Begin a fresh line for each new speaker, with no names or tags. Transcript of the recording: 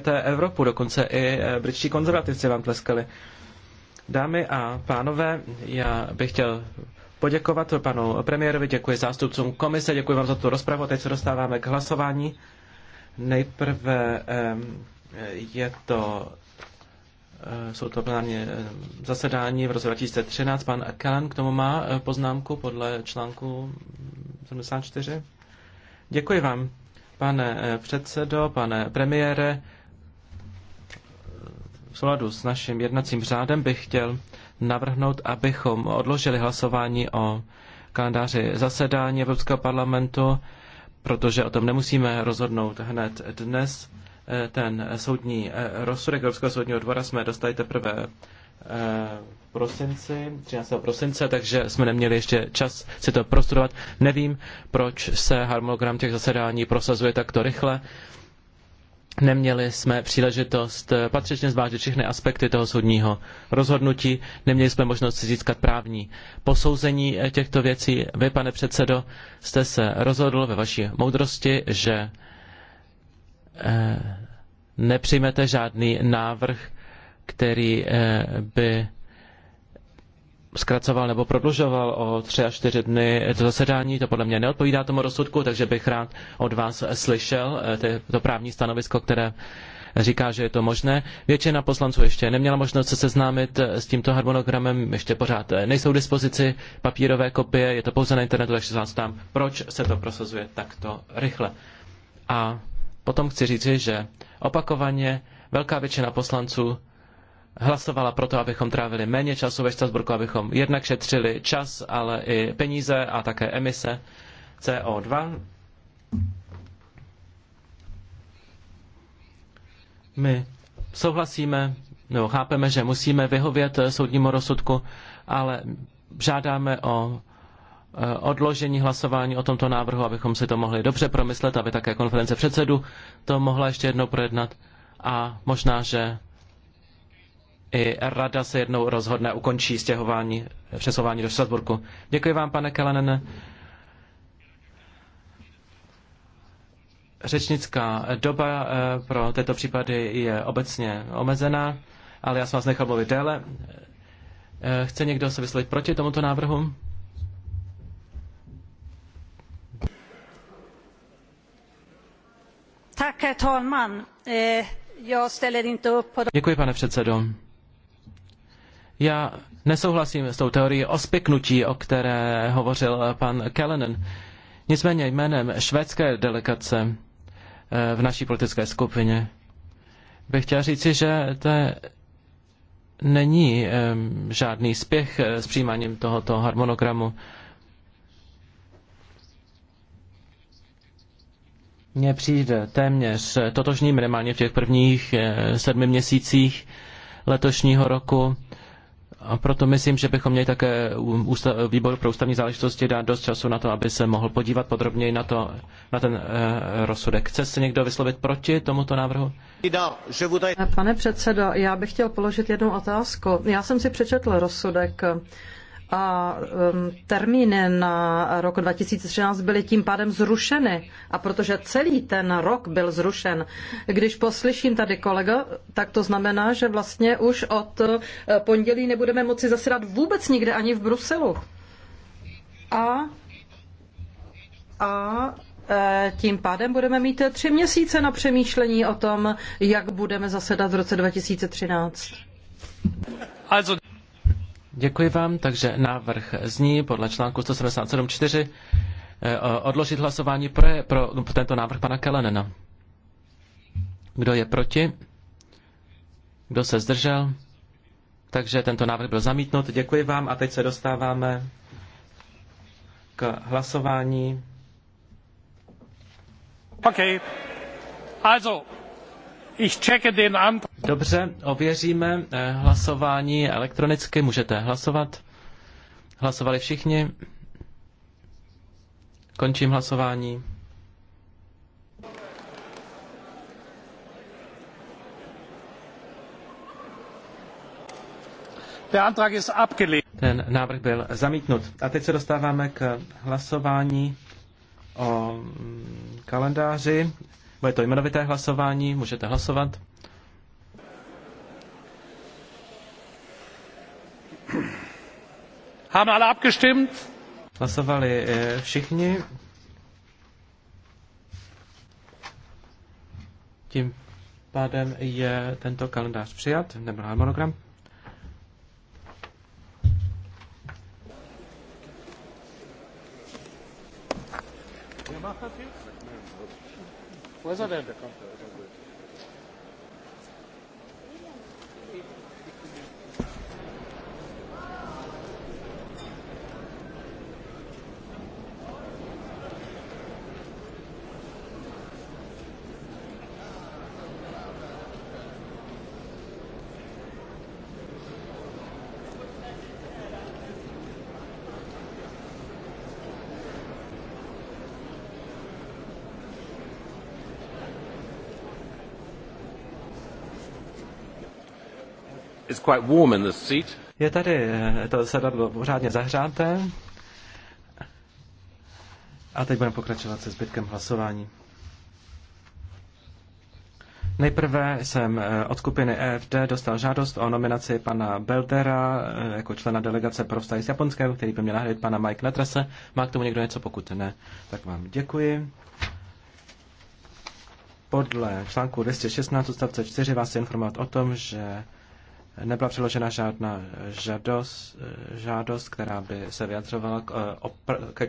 té Evropu, dokonce i eh, britští konzervativci vám tleskali. Dámy a pánové, já bych chtěl poděkovat panu premiérovi, děkuji zástupcům komise, děkuji vám za tu rozpravu. Teď se dostáváme k hlasování. Nejprve je to eh, jsou to plenárně eh, zasedání v roce 2013. Pan Kellen, k tomu má poznámku podle článku 74. Děkuji vám, pane předsedo, pane premiére v souladu s naším jednacím řádem bych chtěl navrhnout, abychom odložili hlasování o kalendáři zasedání Evropského parlamentu, protože o tom nemusíme rozhodnout hned dnes. Eh, ten soudní eh, rozsudek Evropského soudního dvora jsme dostali teprve v eh, prosinci, 13. prosince, takže jsme neměli ještě čas si to prostudovat. Nevím, proč se harmonogram těch zasedání prosazuje takto rychle. Neměli jsme příležitost eh, patřičně zvážit všechny aspekty toho soudního rozhodnutí, neměli jsme možnost si získat právní posouzení eh, těchto věcí. Vy, pane předsedo, jste se rozhodl ve vaší moudrosti, že eh, nepřijmete žádný návrh, který by zkracoval nebo prodlužoval o tři až čtyři dny to zasedání. To podle mě neodpovídá tomu rozsudku, takže bych rád od vás slyšel eh, to právní stanovisko, které říká, že je to možné. Většina poslanců ještě neměla možnost se seznámit eh, s tímto harmonogramem, ještě pořád eh, nejsou k dispozici papírové kopie, je to pouze na internetu, takže se vás proč se to prosazuje takto rychle. A potom chci říci, že opakovaně velká většina poslanců hlasovala pro to, abychom trávili méně času ve Štrasburku, abychom jednak šetřili čas, ale i peníze a také emise CO2. My souhlasíme, nebo chápeme, že musíme vyhovět soudnímu rozsudku, ale žádáme o e, odložení hlasování o tomto návrhu, abychom si to mohli dobře promyslet, aby také konference předsedu to mohla ještě jednou projednat a možná, že i rada se jednou rozhodne ukončí stěhování, přesouvání do Štrasburku. Děkuji vám, pane Kelenene. Řečnická doba eh, pro tyto případy je obecně omezená, ale já jsem vás nechal mluvit déle. Eh, chce někdo se vyslovit proti tomuto návrhu? Eh, Děkuji, pane předsedo. Já nesouhlasím s tou teorií o spiknutí, o které hovořil pan Kellenen. Nicméně jménem švédské delegace eh, v naší politické skupině bych chtěl říci, že to není žádný spěch eh, s přijímáním tohoto harmonogramu. Mně přijde téměř totožný minimálně v těch prvních eh, sedmi měsících letošního roku. A proto myslím, že bychom měli také výbor pro ústavní záležitosti dát dost času na to, aby se mohl podívat podrobněji na, to, na ten e, rozsudek. Chce se někdo vyslovit proti tomuto návrhu? Pane předsedo, já bych chtěl položit jednu otázku. Já jsem si přečetl rozsudek a um, termíny na rok 2013 byly tím pádem zrušeny. A protože celý ten rok byl zrušen, když poslyším tady kolega, tak to znamená, že vlastně už od uh, pondělí nebudeme moci zasedat vůbec nikde ani v Bruselu. A, a eh, tím pádem budeme mít tři měsíce na přemýšlení o tom, jak budeme zasedat v roce 2013. Also Děkuji vám, takže návrh zní podle článku 177.4 eh, odložit hlasování pro, pro tento návrh pana Kelenena. Kdo je proti? Kdo se zdržel? Takže tento návrh byl zamítnut. Děkuji vám a teď se dostáváme k hlasování. Okay. Also, Dobře, ověříme eh, hlasování elektronicky. Můžete hlasovat. Hlasovali všichni. Končím hlasování. Ten návrh byl zamítnut. A teď se dostáváme k hlasování o mm, kalendáři. Bude to jmenovité hlasování, můžete hlasovat. Haben alle abgestimmt? Hlasovali eh, všichni. Tím pádem je tento kalendář přijat, nebo harmonogram. Wer macht das jetzt? Where's that end? Je tady eh, to sedadlo pořádně zahřáté. A teď budeme pokračovat se zbytkem hlasování. Nejprve jsem eh, od skupiny EFD dostal žádost o nominaci pana Beldera eh, jako člena delegace pro vztahy s Japonskem, který by měl nahradit pana Mike Netrese. Má k tomu někdo něco? Pokud ne, tak vám děkuji. Podle článku 216 odstavce 4 vás informovat o tom, že nebyla přiložena žádná žádost, žádost která by se vyjadřovala k, eh, opr- k